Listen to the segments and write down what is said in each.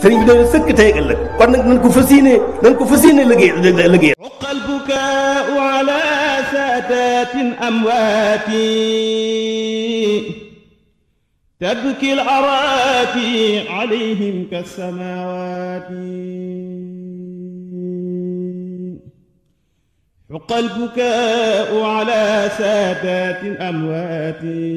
sëriñ bi dañu sëkk tey ak ëllëg kon nag nañ ko fas yéene nañ ko fas yéene liggéey liggéey waqal bukaau ala saadatin amwaati tabki al araati alayhim kasamawaati حق البكاء على سادات أمواتي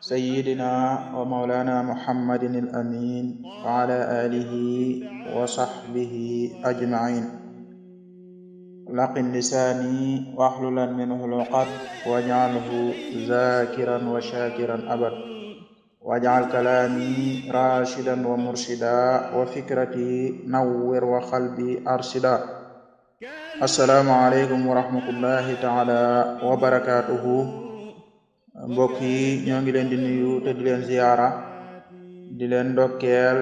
sayyidina wa mawlana muhammadin al amin wa ala alihi wa sahbihi ajmain laqin lisani wahlulan minhu luqat waj'alhu zakiran wa shakiran abad waj'al kalami rashidan wa murshida wa fikrati nawwir wa qalbi arshida assalamu alaykum wa rahmatullahi ta'ala wa barakatuhu mbokk yi ñoo ngi leen di nuyu te di leen ziyaara di leen ndokkeel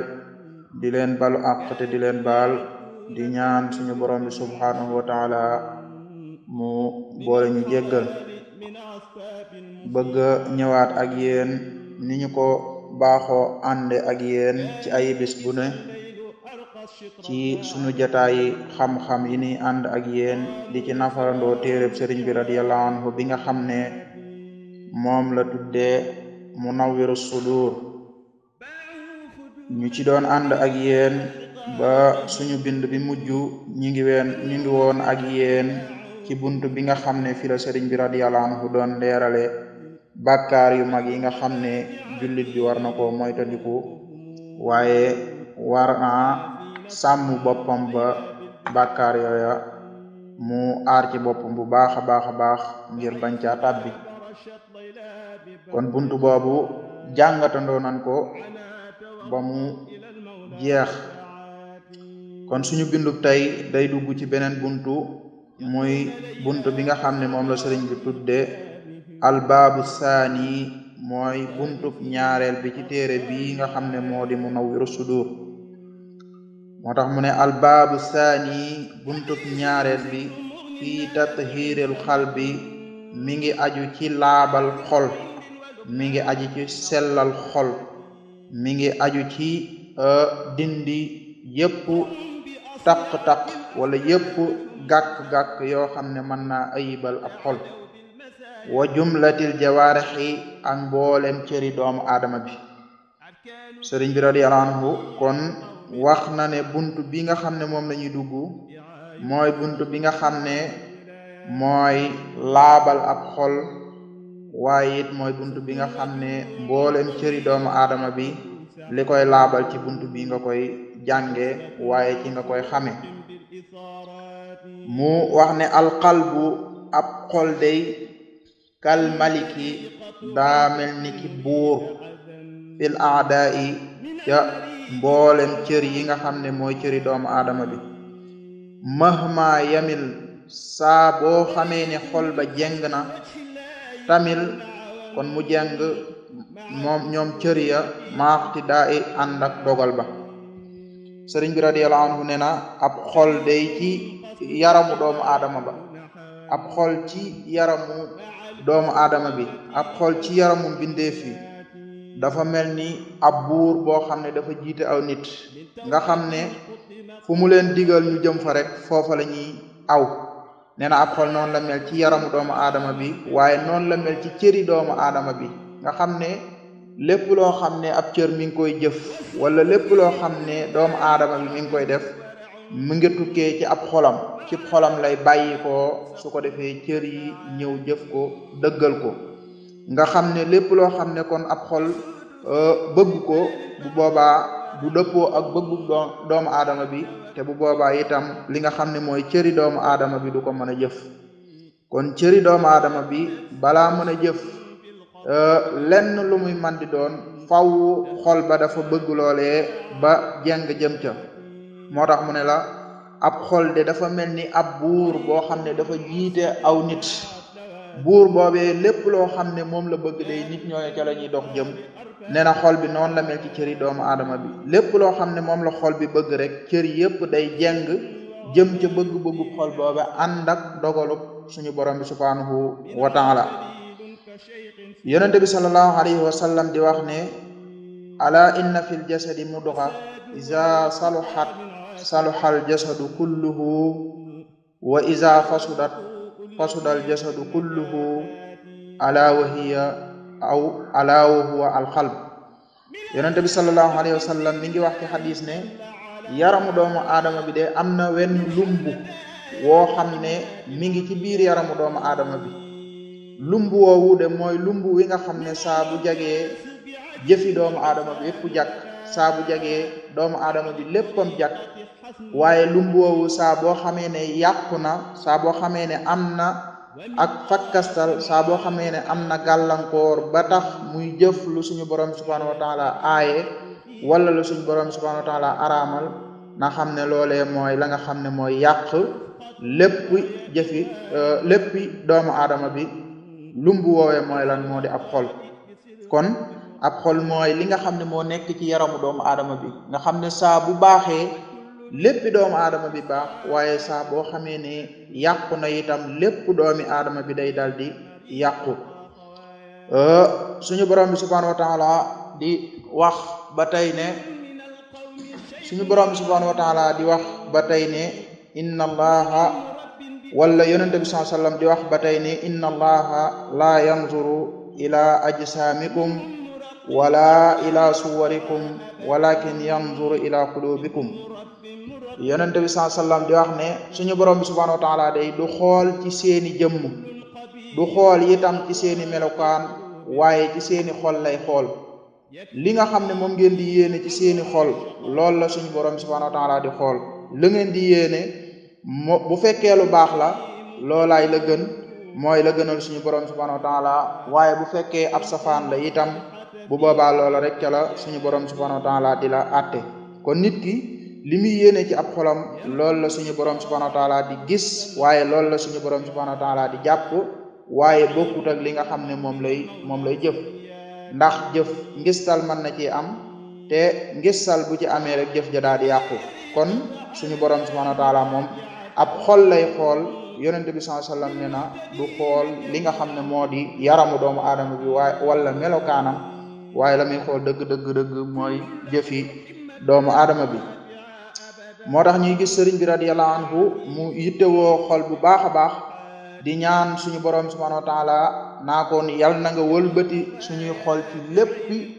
di leen balu àq te di leen bal di ñaan suñu borom bi subhanahu wa taala mu boole ñu jéggal bëgg ñëwaat ak yéen ni ñu ko baaxoo ànde ak yeen ci ay bu ne ci sunu jataayi xam-xam yi ni ànd ak yéen di ci nafarandoo téereb sëriñ bi radiyallahu anhu bi nga xam ne moom la mu munawwiru sudur ñu ci doon ànd ak yéen ba suñu bind bi mujj ñi ngi ween ngi woon ak yéen ci bunt bi nga xam ne fi la bi radiyallahu anhu doon leerale bàkkaar yu mag yi nga xam ne jullit bi war na ko moytandiku waaye war na sàmm boppam ba bàkkaar yooya mu aar ci boppam bu baax a baax a baax ngir bañ caa kon buntu boobu jàngatandoo nan ko ba mu jeex kon suñu bindub tey day dugg ci beneen buntu muy buntu bi nga xam ne moom la sëriñ bi tudde albaabu saani mooy buntub ñaareel bi ci téere bi nga xam ne moo di munawwiru sudur moo tax mu ne albaabu saani buntub ñaareel bi ci fii xal bi mi ngi aju ci laabal xol mi ngi aju ci sellal xol mi ngi aju ci euh, dindi yëpp taq-taq wala yëpp gàkk-gàkk yoo xam ne mën naa ayibal ab xol wa jumlatil jawaarixi ak mboolem cëri doomu aadama bi sëriñ bi radiyallahu anhu kon wax na ne bunt bi nga xam ne moom la ñuy dugg mooy bunt bi nga xam ne mooy laabal ab xol waaye it mooy bunt bi nga xam ne mboolem cëri doomu aadama bi li koy laabal ci bunt bi nga koy jànge waaye ci nga koy xame mu wax ne alqalbu ab xol day kal maliki daa mel ni ki buur fil aada yi ca mboolem cër yi nga xam ne mooy cëri doomu aadama bi mahma yamil saa boo xamee ne xol ba jeng na tamil kon mu jàng moom ñoom cër ya maaxti daa i ànd dogal ba sëriñ bi radiyallahu anhu nee na ab xol day ci yaramu doomu aadama ba ab xol ci yaramu aadama bi ab xool ci yaramu mbindeef yi dafa mel ni ab buur boo xam ne dafa jiite aw nit nga xam ne fu mu leen digal ñu jëm fa rek foofa la ñuy aw nee na ab xol noonu la mel ci yaramu doomu aadama bi waaye noonu la mel ci cëri doomu aadama bi nga xam ne lépp loo xam ne ab cër mi ngi koy jëf wala lépp loo xam ne doomu aadama bi mi ngi koy def mu ngi tukkee ci ab xolam ci xolam lay bàyyi ko su ko defee cër yi ñëw jëf ko dëggal ko nga xam ne lépp loo xam ne kon ab xol euh, bëgg ko bu boobaa bu dëppoo ak bëggu doomu aadama bi te bu boobaa itam li nga xam ne mooy cëri doomu aadama bi du ko mën a jëf kon cëri doomu aadama bi balaa mën a jëf euh, lenn lu muy man di doon faw xol ba dafa bëgg loolee ba jeng jëm ca moo tax mu ne la ab xol de dafa mel ni ab buur boo xam ne dafa jiite aw nit buur boobee lépp loo xam ne moom la bëgg day nit ñooñu ca dox jëm nee na xol bi noonu la mel ci cëri doomu aadama bi lépp loo xam ne moom la xol bi bëgg rek cër yépp day jeng jëm ca bëgg-bëggu xol boobe ànd ak dogalub suñu borom bi subhaanahu wa taala yonente bi sallallahu alayhi wa sallam di wax ne ala inna fil jasadi mudga iza saluhat saluhal jasadu kulluhu wa iza fasudat fasada al jasadu kulluhu ala wa hiya aw ala huwa al qalb yonente bi sallallahu alayhi wa sallam mi ngi wax ci xadis ne yaramu doomu aadama bi de am na wen lumb woo xam ne mi ngi ci biir yaramu doomu aadama bi lumb woowu de mooy lumbu wi nga xam ne saa bu jagee jëfi doomu aadama bi yëpp jàkk saa bu jagee doomu aadama ji léppam jàkk waaye lu mboowu saa boo xamee ne yàqu na saa boo xamee ne am na ak fakkastal saa boo xamee ne am na gàllankoor ba tax muy jëf lu suñu borom subhanahu wa taala wala la suñu borom subhanahu wa taala araamal na xam ne loolee mooy la nga xam ne mooy yàq lépp jëfi euh, léppi doomu aadama bi lumbu woowee mooy lan moo di ab xol kon ab xol mooy li nga xam ne moo nekk ci yaramu doomu aadama bi nga xam ne saa bu baaxee lépp doomu aadama bi baax waaye saa boo xamee ne yàqu na itam lépp doomi aadama bi day daal di yàqu suñu borom bi subhanahu wa di wax ba tey ne suñu borom bi subhanahu wa ba tey ne inna allaha wala yonente bi sallallahu ba tey ne inna allaha la yanzuru ila ajsamikum wala ila suwarikum walakin yanzur ila qulubikum yonent bi saa sallam di wax ne suñu borom bi subhanahu wa taala day du xool ci seeni jëmm du xool itam ci seeni melokaan waaye ci seeni xool lay xool li nga xam ne moom ngeen di yéene ci seeni xool loolu la suñu borom bi subhanahu wa taala di xool la ngeen di yéene moo bu fekkee lu baax la loolaay la gën mooy la gënal suñu borom bi subhanahu wa taala waaye bu fekkee ab safaan la itam bu boobaa loola rek ca la suñu borom subhanahu wa taala di la atte kon nit ki li muy yéene ci ab xolam loolu la suñu borom subhanahu wa taala di gis waaye loolu la suñu borom subhanahu wa taala di jàpp waaye bokkut ak li nga xam ne moom lay moom lay jëf ndax jëf ngistal man na ci am te ngistal bu ci amee rek jëf ja daal di yàqu kon suñu borom subhanahu wa taala moom ab xol lay xool yonente bi sallallahu alayhi ne na du xool li nga xam ne moo di yaramu doomu aadama bi waaye wala melokaanam waaye la muy xool dëgg dëgg dëgg mooy jëfi doomu aadama bi moo tax ñuy gis sëriñ bi radiyallahu anhu mu yittewoo xool bu baax a baax di ñaan suñu boroom subhanahu wa taala naa ko ni yàlla na nga wëlbati suñuy xool ci lépp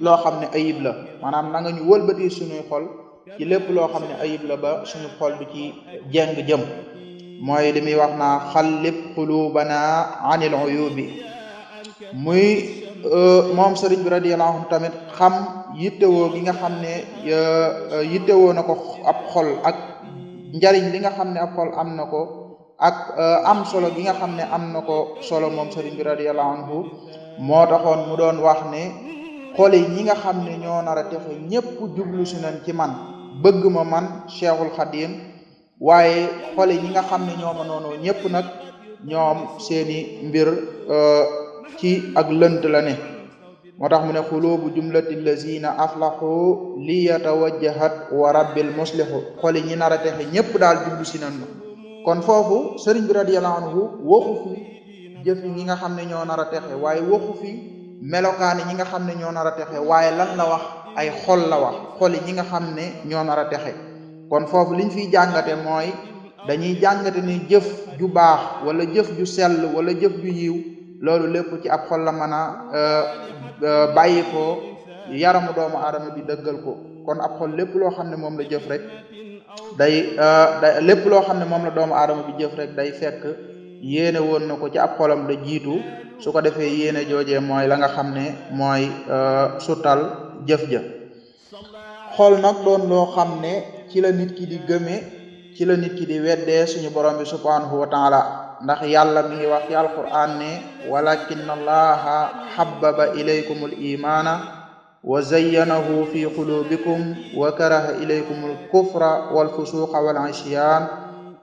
loo xam ne ayib la maanaam na nga ñu wëlbati suñuy xol ci lépp loo xam ne ayib ba suñu xool bu ci jeng jëm mooy li muy wax naa xallib qulubana anil uyubi muy Euh, moom sëriñ bi radiyallahu anhu tamit xam yittewoo gi nga xam ne euh, yittewoo na ko ab xol ak njariñ li nga xam ne ab xol am na ko ak euh, am solo gi nga xam ne am na ko solo moom sëriñ bi radiyallahu anhu moo taxoon mu doon wax ne xol yi ñi nga xam ne ñoo nar a texe ñépp jublu si nañ ci man bëgg ma man cheikhul xadim waaye xol yi ñi nga xam ne ñoo ma ñépp nag ñoom seeni mbir ci ak lënt la ne moo tax mu ne xulubu jumlati lazina aflahu li yatawajjahat wa rabbil muslihu xoli ñi nar a texe ñépp daal jublu si nan kon foofu sëriñ bi radiyallahu anhu waxu fi jëf ñi nga xam ne ñoo nar a texe waaye waxu fi melokaani ñi nga xam ne ñoo nar a texe waaye lan la wax ay xol la wax xoli ñi nga xam ne ñoo nar a texe kon foofu liñ fiy jàngate mooy dañuy jàngate ni jëf ju baax wala jëf ju sell wala jëf ju yiw loolu lépp ci ab xol la mën a euh, euh, bàyyi ko yaramu doomu aadama bi dëggal ko kon ab xol lépp loo xam ne moom la jëf rek day euh, day lépp loo xam ne moom la doomu aadama bi jëf rek day fekk yéene woon na ko ci ab xolam da jiitu su ko defee yéene joojee mooy la nga xam ne mooy sutal jëf ja xol nag doon loo xam ne ci la nit ki di gëme ci la nit ki di weddee suñu borom bi subhanahu wa la ndax yàlla mi ngi wax ci alquran ne walakin allaha habbaba ilaykum al imana wa zayyanahu fi qulubikum wa karaha ilaykum al kufra wal fusuqa wal isyan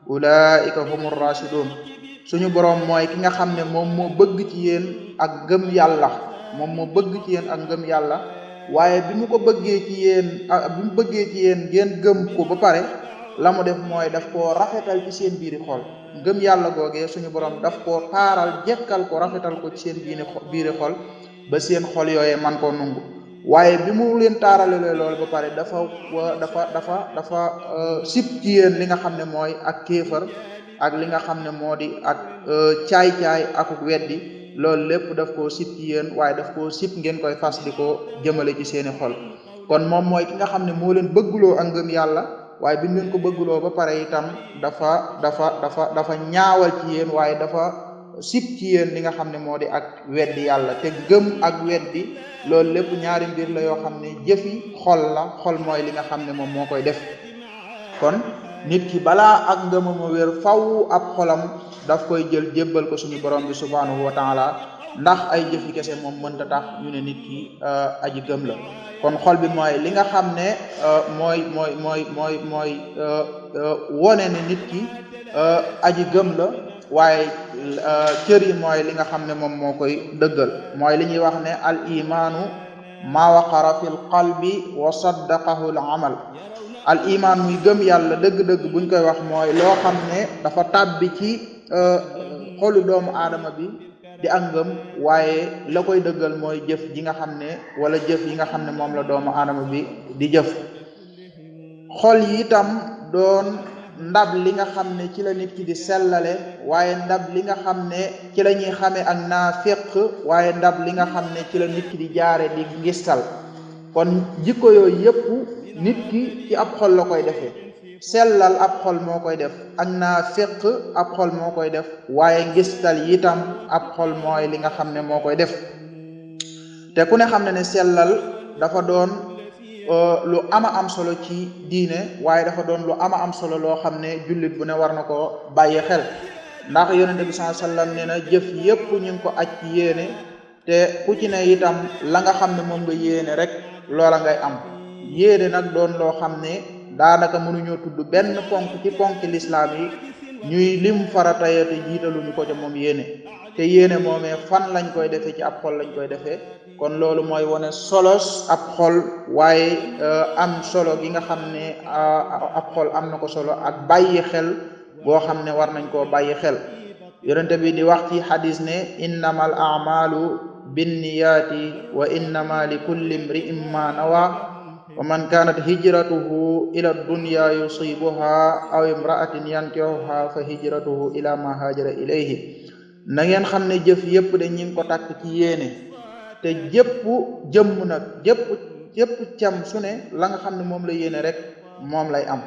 ulaika humur rashidun suñu borom mooy ki nga xam ne moom moo bëgg ci yéen ak gëm yàlla moom moo bëgg ci yéen ak gëm yàlla waaye bi mu ko bëggee ci yéen bi bëggee ci yéen ngeen gëm ko ba pare la mu def mooy daf koo rafetal ci seen biiri xol ngëm yàlla googee suñu boroom daf koo taaral jekkal ko rafetal ko ci seen biiri biiri xol ba seen xol yooyee man koo nungu waaye bi mu leen taarale lool ba pare dafa dafa dafa dafa euh, sip ci yéen li nga xam ne mooy ak kéefar ak li nga xam ne moo di ak euh, caay-caay akuk weddi loolu lépp daf koo sip ci yéen waaye daf ko sip ngeen koy fas di ko jëmale ci seeni xol kon moom mooy ki nga xam ne moo leen bëgguloo ak ngëm yàlla waaye bi mu leen ko bëgguloo ba pare itam dafa dafa dafa dafa ñaawal ci yéen waaye dafa sip ci yéen li nga xam ne moo di ak weddi yàlla te gëm ak weddi loolu lépp ñaari mbir la yoo xam ne jëfi xol la xol mooy li nga xam ne moom moo koy def kon nit ki balaa ak ngëmam a wér faw ab xolam daf koy jël jébbal ko suñu borom bi subhanahu wa taala ndax ay jëf yi kese moom mënta tax ñu ne nit ki euh, aji gëm la kon xol bi mooy li nga xam ne euh, mooy mooy mooy mooy mooy euh, wone ne nit ki aji gëm la waaye cër yi li nga xam ne moom moo koy dëggal mooy li ñuy wax ne al imaanu ma waqara fi l qalbi wa amal al imaan muy gëm yàlla dëgg-dëgg buñ koy wax mooy loo xam ne dafa tàbbi ci xolu doomu aadama bi di ak ngëm waaye la koy dëggal mooy jëf ji nga xam ne wala jëf yi nga xam ne moom la doomu aadama bi di jëf xol yi itam doon ndab li nga xam ne ci la nit ki di sellale waaye ndab li nga xam ne ci la ñuy xamee ak naafiq waaye ndab li nga xam ne ci la nit ki di jaare di ngistal kon jikko yooyu yëpp nit ki ci ab xol la koy defee sellal ab xol moo koy def ak naa féq ab xol moo koy def waaye ngistal itam ab xol mooy li nga xam ne moo koy def te ku ne xam ne ne sellal dafa doon euh, lu ama am solo ci diine waaye dafa doon lu ama am solo loo xam ne jullit bu ne war na ko bàyyi xel ndax yonente bi sallallahu alayhi wasallam jëf yépp ñu ko aj ci yéene te ku ci ne itam la nga xam ne moom nga yéene rek loola ngay am yéene nag doon loo xam ne daanaka mënuñoo tudd benn ponk ci ponk lislaam yi ñuy lim farata ya te jiitaluñu ko ca moom yéene te moom moomee fan lañ koy defee ci ab xol lañ koy defee kon loolu mooy wane solos ab xol waaye euh, am solo gi nga xam ne euh, ab xol am na ko solo ak bàyyi xel boo xam ne war nañ koo bàyyi xel yonente bi di wax ci xadis ne innamal amalu binniyaati wa innama li kulli imri'in ma nawa wa man kanat hijratuhu ila dunya yusibuha aw imra'atin yankihuha fa hijratuhu ila ma hajara ilayhi na ngeen xam ne jëf yépp de ñi ko tàkk ci yéene te jëpp jëmm nag jëpp jëpp cam su ne la nga xam ne moom la yéene rek moom lay am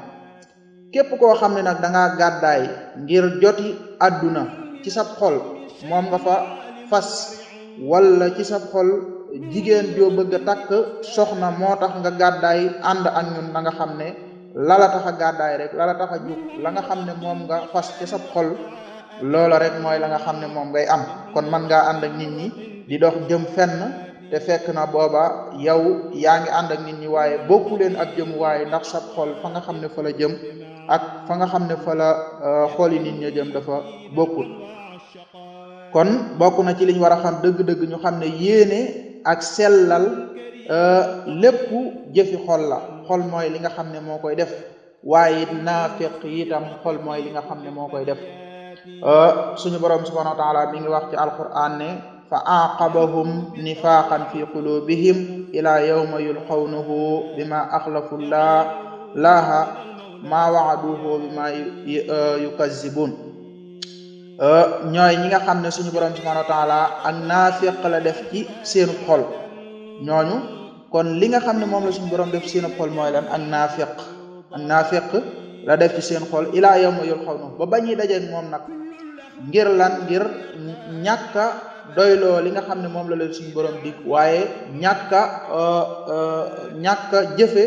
képp koo xam ne nag danga ngaa gàddaay ngir joti àdduna ci sab xol moom nga fa fas wala ci sab xol jigéen joo bëgg a takk soxna moo tax nga gàddaay ànd ak ñun da nga xam ne lala tax a gàddaay rek lala tax a jug la nga xam ne moom nga fas ci sa xol loolo rek mooy la nga xam ne moom ngay am kon man ngaa ànd ak nit ñi di dox jëm fenn te fekk na booba yow yaa ngi ànd ak nit ñi waaye bokku leen ak jëm waaye ndax sa xol fa nga xam ne fa la jëm ak fa nga xam ne fa la euh, xooli nit ñi jëm dafa bokkul kon bokk na ci liñ war a xam dëgg-dëgg ñu xam ne yéene ak sellal euh, lépp jëfi xol la xol mooy li nga xam ne moo koy def waaye naafiq itam xol mooy li nga xam ne moo koy def euh, suñu borom subhanahu wa taala mi ngi wax ci alquran ne fa aqabahum nifaqan fi qulubihim ila yawma yulqawnahu bima axlafu laa laaha maa waaduhu bima euh, yukazzibun Euh, ñooy ñi nga xam ne suñu borom subhanahu wa taala ak naafiq la def ci seen xol ñooñu kon li nga xam ne moom la suñu borom def seen xol mooy lan ak naafiq ak naafiq la def ci seen xol ilaa yawma yulqawnahu ba bañuy dajeeg moom nag ngir lan ngir ñàkk a doyloo li nga xam ne moom la leen suñu borom dig waaye ñàkk a euh, euh, ñàkk a jëfe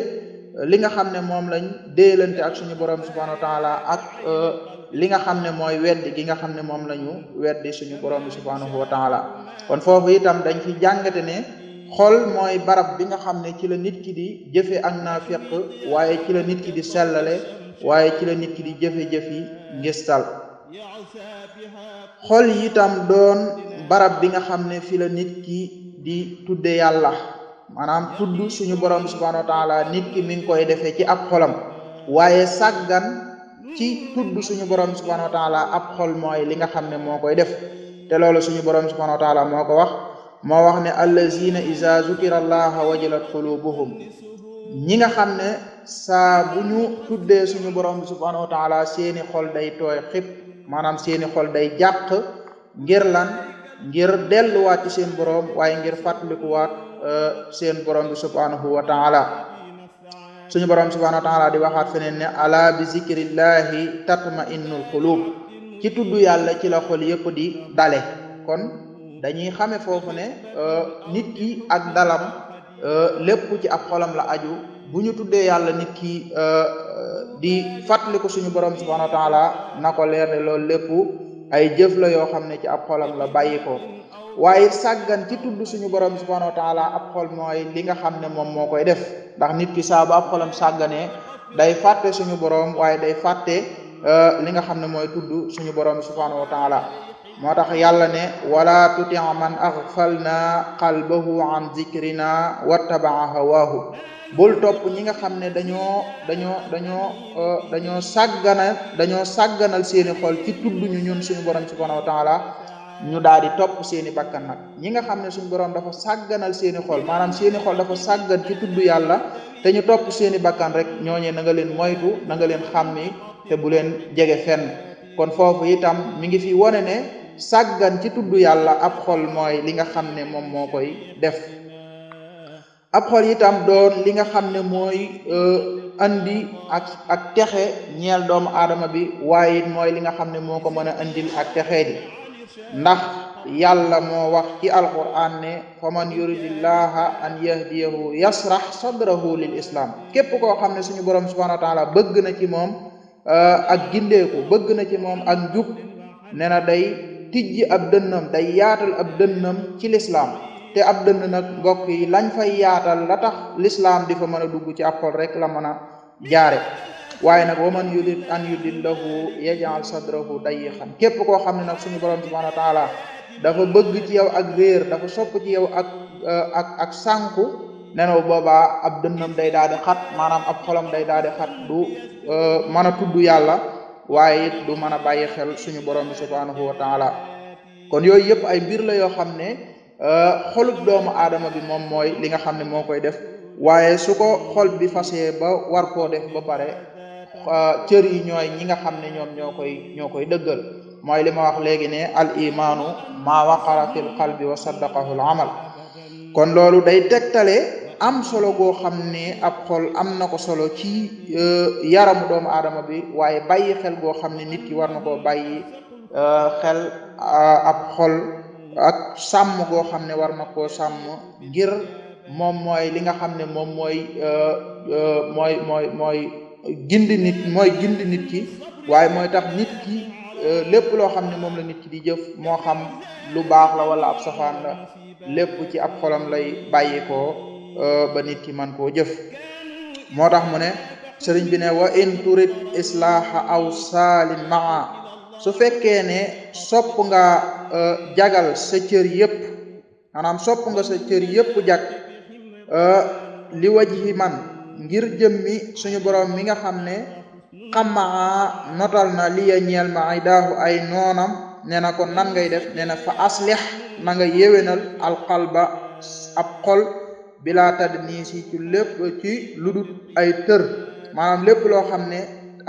li nga xam ne moom lañ déelante ak suñu borom subhanahu wa taala ak li nga xam ne mooy weddi gi nga xam ne moom la ñu weddi suñu borom bi subhanahu wa taala kon foofu itam dañ fi jàngate ne xol mooy barab bi nga xam ne ci la nit ki di jëfe ak naafeq waaye ci la ki di sellale waaye ci la nit ki di jëfe-jëfi ngistal xol itam doon barab bi nga xam ne fi la nit ki di tudde yàlla maanaam tudd suñu borom bi subhanahu wa taala nit ki mi ngi koy defee ci ab xolam waaye sàggan ci tudd suñu borom subhanahu wa taala ab xol mooy li nga xam ne moo koy def te loolo suñu borom subhanahu wa taala moo ko wax moo wax ne allazina iza zukira allaha wajilat qulubuhum ñi nga xam ne saa bu ñu suñu borom subhanahu wa taala seeni xol day tooy xib maanaam seeni xol day jàq ngir lan ngir delluwaat ci seen borom waaye ngir fàttalikuwaat euh, seen borom bi subhanahu wa taala suñu borom subhanahu wa taala di waxaat feneen ne ala bi zikrillahi tatma innul xulub ci tudd yàlla ci la xol yëpp di dale kon dañuy xame foofu ne euh, nit ki ak dalam euh, lépp ci ab xolam la aju bu ñu tuddee yàlla nit ki euh, di fàttali ko suñu borom subhanahu taala na ko leer ne loolu lépp ay jëf la yoo xam ne ci ab xolam la bàyyi ko waaye ci tudd suñu borom subhanahu wa taala ab xol mooy li nga xam ne moom moo koy def ndax nit ki saa bu ab xolam day fàtte suñu borom waaye day fàtte euh, li nga xam ne mooy tudd suñu borom bi subhanahu wa taala moo tax yàlla ne wala tuti man axfalna qalbahu an zikrina wattabaa hawaahu bul topp ñi nga xam ne dañoo dañoo dañoo euh, dañoo sàggana dañoo sàgganal seeni xol ci tudd ñu ñun suñu borom bi subhanahu wa ñu daal di topp seeni bakkan nag ñi nga xam ne suñu borom dafa sàgganal seeni xol maanaam seeni xol dafa sàggan ci tudd yàlla te ñu topp seeni bakkan rek ñooñee na nga leen moytu na leen xàmmi te bu leen jege fenn kon foofu itam mi ngi fi wone ne sàggan ci tudd yàlla ab xol mooy li nga xam ne moom moo koy def ab xol itam doon li nga xam ne mooy euh, andi ak ak texe ñeel doomu aadama bi waaye it mooy li nga xam ne moo ko mën a andil ak texe di ndax yàlla moo wax ci alquran ne fa man yuridillaha an yahdiyahu yasrax sadrahu lil islam képp koo xam ne suñu borom subhanahu wa taala bëgg na ci moom euh, ak gindeeku bëgg na ci moom ak njub nee na day tijji ab dënnam day yaatal ab dënnam ci lislam te ab dënn nag mbokk yi lañ fay yaatal la tax lislam di fa mën a dugg ci ab rek la mën a jaare waaye nag waman yurid an yudillahu yajal sadrahu xam képp koo xam ne nag suñu borom subhanahu wa taala dafa bëgg ci yow ak réer dafa sopp ci yow ak euh, ak ak sànku nenow boobaa ab dënnam day daal di xat maanaam ab xolam day daal di xat du euh, mën a tudd yàlla waaye it du mën a bàyyi xel suñu borom bi subhanahu wa taala kon yooyu yëpp ay mbir la yoo xam ne euh, xolub doomu aadama bi moom mooy li nga xam ne moo koy def waaye su ko xol bi fasee ba war koo def ba pare Euh, cër yi ñooy ñi nga xam ne ñoom ñoo koy ñoo koy dëggal mooy li ma wax léegi ne al imaanu maa waqara fil qalbi wa saddaqahu al amal kon loolu day tegtale am solo goo xam ne ab xol am na ko solo ci euh, yaramu doomu aadama bi waaye bàyyi xel goo xam ne nit ki war na koo bàyyi euh, xel ab xol ak sàmm goo xam ne war na koo sàmm ngir moom mooy li nga xam ne moom mooy mooy mooy mooy gindi nit mooy gindi nit ki waaye mooy tax nit ki euh, lépp loo xam ne moom la nit ki di jëf moo xam lu baax la wala ab safaan la lépp ci ab xolam lay bàyyikoo euh, ba nit ki man koo jëf moo tax mu ne sëriñ bi ne wa in turid islaaha aw saalin maa su fekkee ne sopp nga euh, jagal sa cër yëpp maanaam sopp nga sa cër yëpp jag li wajihi man ngir jëmmi suñu boroom mi nga xam ne xammaa notal na li ya ñeel ma ay daahu ay noonam nee na kon nan ngay def nena na fa aslix na nga yéwénal alqalba ab xol bila tad nii ci lépp ci ludut ay tër maanaam lépp loo xam ne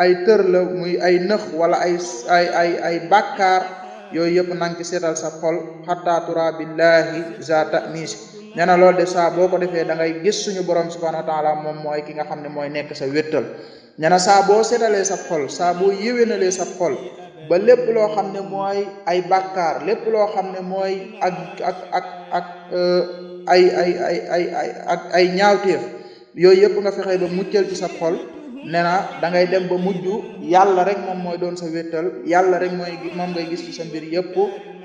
ay tër la muy ay nëx wala ay ay ay ay bàkkaar yooyu yëpp nang ci seetal sa xol xatta billahi za tamis nee na loolu de saa boo ko defee dangay ngay gis suñu borom subhanahu wa taala moom mooy ki nga xam ne mooy nekk sa wéttal nee na saa boo setalee sa xol saa boo yéwénalee sa xol ba lépp loo xam ne mooy ay bàkkaar lépp loo xam ne mooy ak ak ak ak euh, ay ay ay ay ay ak ay ñaawteef yooyu yëpp nga fexee ba muccal ci sa xol nee na da ngay dem ba mujj yàlla rek moom mooy doon sa wéttal yàlla rek mooy moom ngay gis ci sa mbir yëpp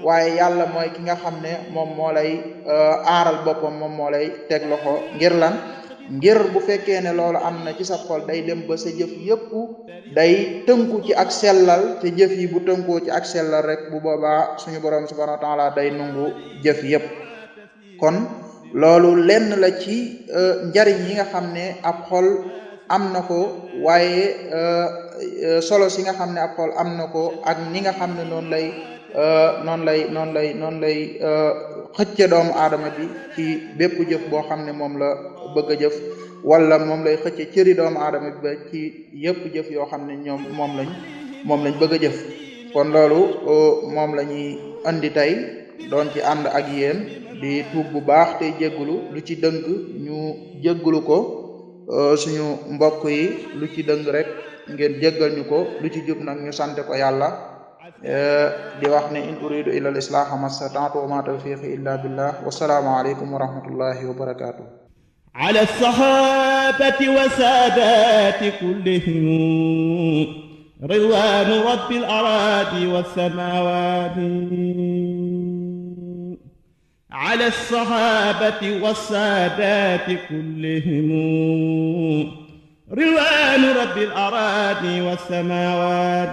waaye yàlla mooy ki nga xam ne moom moo lay euh, aaral boppam moom moo lay teg loxo ngir lan ngir bu fekkee ne loolu am na ci sa xol day dem ba sa jëf yëpp day tënku ci ak sellal te jëf yi bu tënkoo ci ak sellal rek bu boobaa suñu borom subhanahu wa taala day nungu jëf yëpp kon loolu lenn la ci euh, njariñ yi nga xam ne ab xol am na ko waaye euh, solo si nga xam ne ak xol am na ko ak ñi nga xam ne noonu lay Euh, noonu lay noonu lay noonu lay euh, xëcce doomu aadama bi ci bépp jëf boo xam ne moom la bëgg a jëf walla moom lay xëcce cëri doomu aadama bi ba ci yëpp jëf yoo xam ne ñoom moom lañ moom lañ bëgg a jëf kon loolu euh, moom la ñuy andi tey doon ci ànd ak yéen di tuub bu baax te jéggulu lu ci dëng ñu jéggulu ko suñu mbokk yi lu ci dëng rek ngeen jéggal ñu ko lu ci jub nag ñu sante ko yàlla di wax ne in uridu illa al islaha mastata'tu wa ma tawfiqi illa billah wa salaamu alaykum wa rahmatullahi wa barakatuh ala sahabati wa sadati kullihim ridwanu rabbil aradi was samawati ala sahabati wa sadati kullihim رضوان رب الأراضي والسماوات